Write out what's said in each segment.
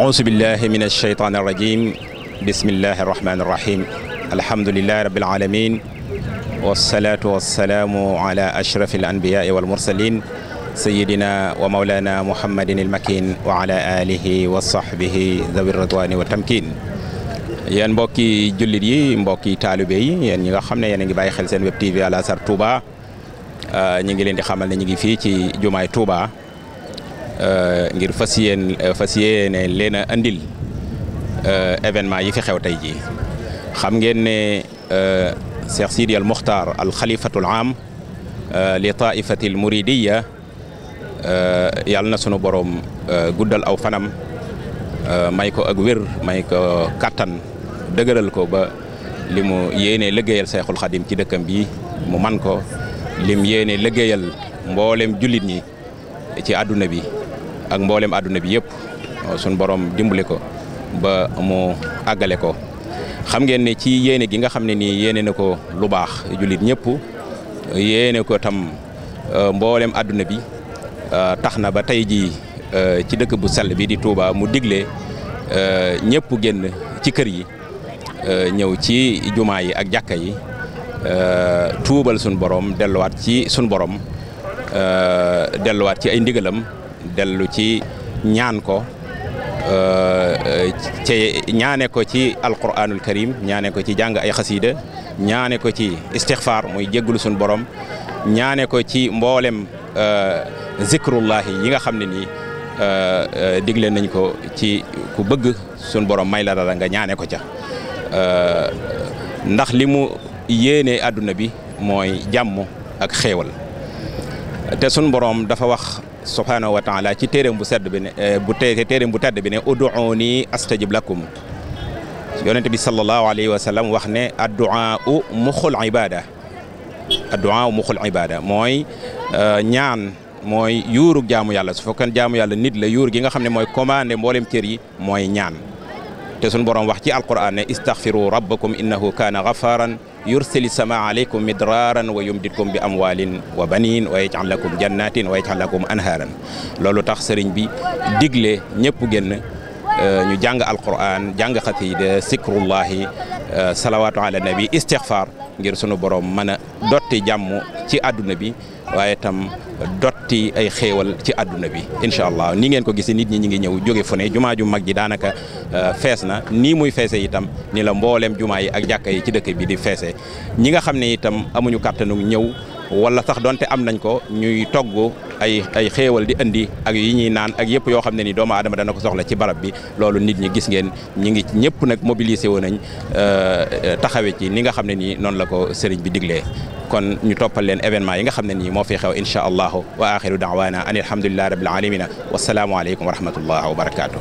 أعوذ بالله من الشيطان الرجيم بسم الله الرحمن الرحيم الحمد لله رب العالمين والصلاة والسلام على أشرف الأنبياء والمرسلين سيدنا ومولانا محمد المكين وعلى آله وصحبه ذوي الرضوان والتمكين yéen mbokki jullit yi mbokki taalibe yi yéen ñi nga xam ne yéen a ngi bàyyi xel seen web TV Al Azhar Touba ñu ngi leen di xamal ne ñu ngi fii ci jumaay Touba Euh, ngir fas yéen euh, fas yéene leen a andil euh, événement yi fi xew tey jii xam ngeen ne Cheikh Sidi al Muxtaar al xalifatul am li taifatil muridiya yàlla na sunu boroom guddal aw fanam may ko ak wér may ko kattan dëgëral ko ba li mu yéene liggéeyal Seexul Xadim ci dëkkam bi mu man ko lim yéene liggéeyal mboolem jullit ñi ci àdduna bi ak mboolem àdduna bi yëpp suñ borom dimbali ko ba mu àggale ko xam ngeen ne ci yéene gi nga xam ne nii yéene na ko lu baax julit ñëpp yéene ko tam euh, mboolem àdduna bi euh, tax na ba tey jii euh, ci dëkk bu sell bi di Touba mu digle ñëpp génn ci kër yi ñëw ci jumaa yi ak jàkka yi tuubal sun borom delluwaat ci sun borom delluwaat ci ay ndigalam dellu ci ñaan ko euh, ci ñaane ko ci alquranul karim ñaane ko ci jàng ay xasiida ñaane ko ci istixfaar muy jégglu suñu borom ñaane ko ci mboolem euh, zikrullahi yi nga xam ne nii euh, digle nañ ko ci ku bëgg suñu borom may la dara nga ñaane ko ca ndax li mu yéene àdduna bi mooy jàmm ak xewal te suñu borom dafa wax subhaanahu wa taala ci téeréem bu sedd bi ne eh, bu téeréem bu tedd bi ne ud'uuni astajib lakum yonent bi sallallahu alayhi wa sallam wax ne addu'a u muxul ibada addu'a u muxul mooy eh, ñaan mooy yuurug jaamu yàlla su fekkee jaamu yàlla nit la yuur gi nga xam ne mooy commandé mboolem cër yi mooy ñaan te sunu borom wax ci alquran ne istaghfiru rabbakum innahu kaana yursili sama aleykum midraaran wa yumditkum bi amwaalin wa baniin wa yaj'al lakum jannatin wa yaj'al lakum anhaaran loolu tax sëriñ bi digle ñëpp génn euh, ñu jàng alquran jàng xasiida sikrullahi euh, salawaatu ala nabi istixfar ngir sunu borom mën a dotti jàmm ci àdduna bi waaye tam dotti ay xéewal ci adduna bi incha allah ni ngeen ko gisee nit ñi ñu ngi ñëw jóge fu ne jumaa ju mag ji daanaka euh, fees na nii muy feese itam ni la mbooleem jumaa yi ak jàkka yi ci dëkk bi di feese ñi nga xam ne itam amuñu kàttanu ñëw wala sax donte am nañ ko ñuy togg ay ay xéewal di indi ak yi ñuy naan ak yëpp yoo xam ne ni doomu adama dana ko soxla ci barab bi loolu nit ñi gis ngeen ñi ngi ñëpp nag mobilisé wu nañ euh, taxawe ci ni nga xam ne nii noonu la ko sëriñ bi digle kon ñu toppal leen événement yi nga xam ne nii moo fi xew insha allahu wa axiru daawaana an alhamdulillahi rabbil alamina wasalaamu aleykum wa rahmatullah wa barakatuh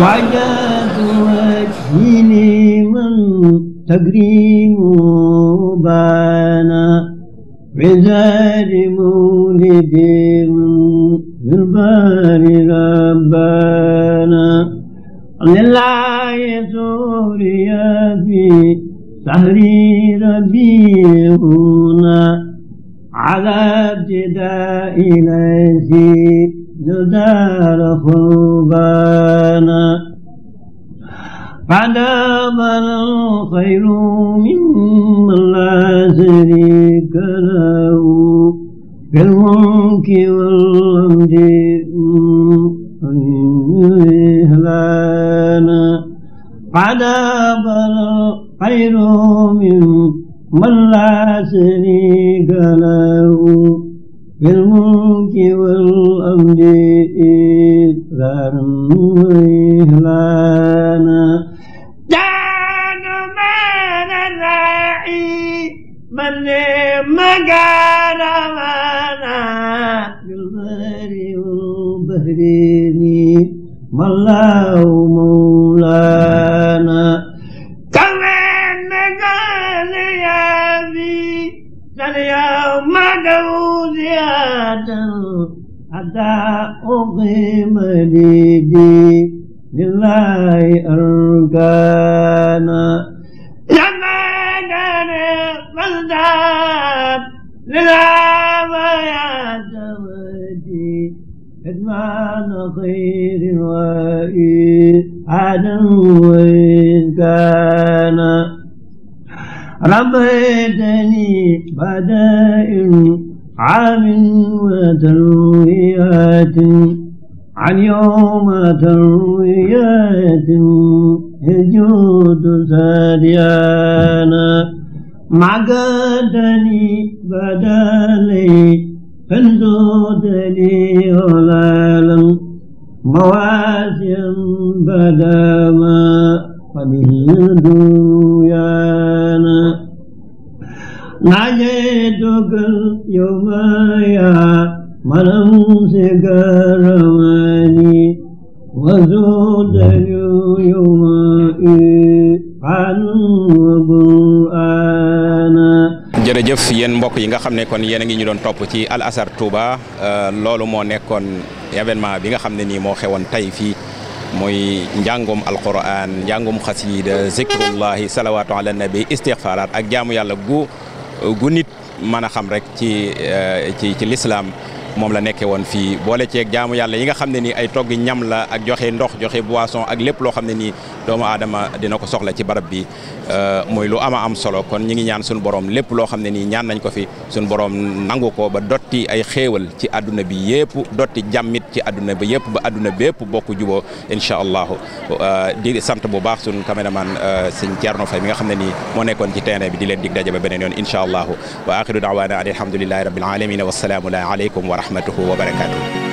وعجات وجهي من تكريم بانا عزار مولد من بار ربنا لله سوريا في سهري ربيعنا على ابتداء ليسي ندار خلق فعذابنا له خير ممن لا شريك له في الملك والحمد إهلانا فعذابنا خير ممن لا شريك له في الملك والحمد إهلانا mane magara mana yu bari yu bari ni wallahu mawlana kamen gale ya bi dal ya magau ziyatan ada obe والأحزاب للعبايات ودي إدمان خير وإيحاد وإن كان ربيتني بدائل عام وترويات عن يوم ترويات الجود ساديات معقدني بدلي فانزودني ولالا مواسم بدما فله دنيانا نجيتك اليوم يا من امسك رماني وزودني يوم jëf yéen mbokk yi nga xam ne kon yéen a ngi ñu doon topp ci Al Azhar Touba euh, loolu moo nekkoon événement bi nga xam ne nii moo xewoon tey fii muy njàngum alquran njàngum xasida zikrullahi salawaatu ala nabi istighfaraat ak jaamu yàlla gu gu nit mën a xam rek ci euh, ci ci lislaam moom la nekkee woon fii boole ceeg jaamu yàlla yi nga xam ne ni ay togg ñam la ak joxe ndox joxe boisson ak lépp loo xam ne nii doomu aadama dina ko soxla ci barab bi euh, muy lu ama am solo kon ñi ngi ñaan suñu borom lépp loo xam ne nii ñaan nañ ko fi suñu borom nangu ko ba dotti ay xéewal ci àdduna bi yëpp dotti jàmmit ci àdduna bi yëpp ba àdduna bépp bokk juboo incha allahu euh, di sant bu baax suñu caméraman euh, sëñ Thierno Faye mi nga xam ne nii moo nekkoon ci terrain bi di leen dig daje ba beneen yoon incha allahu wa axiru daawaana rahmatuhu wa barakaatu.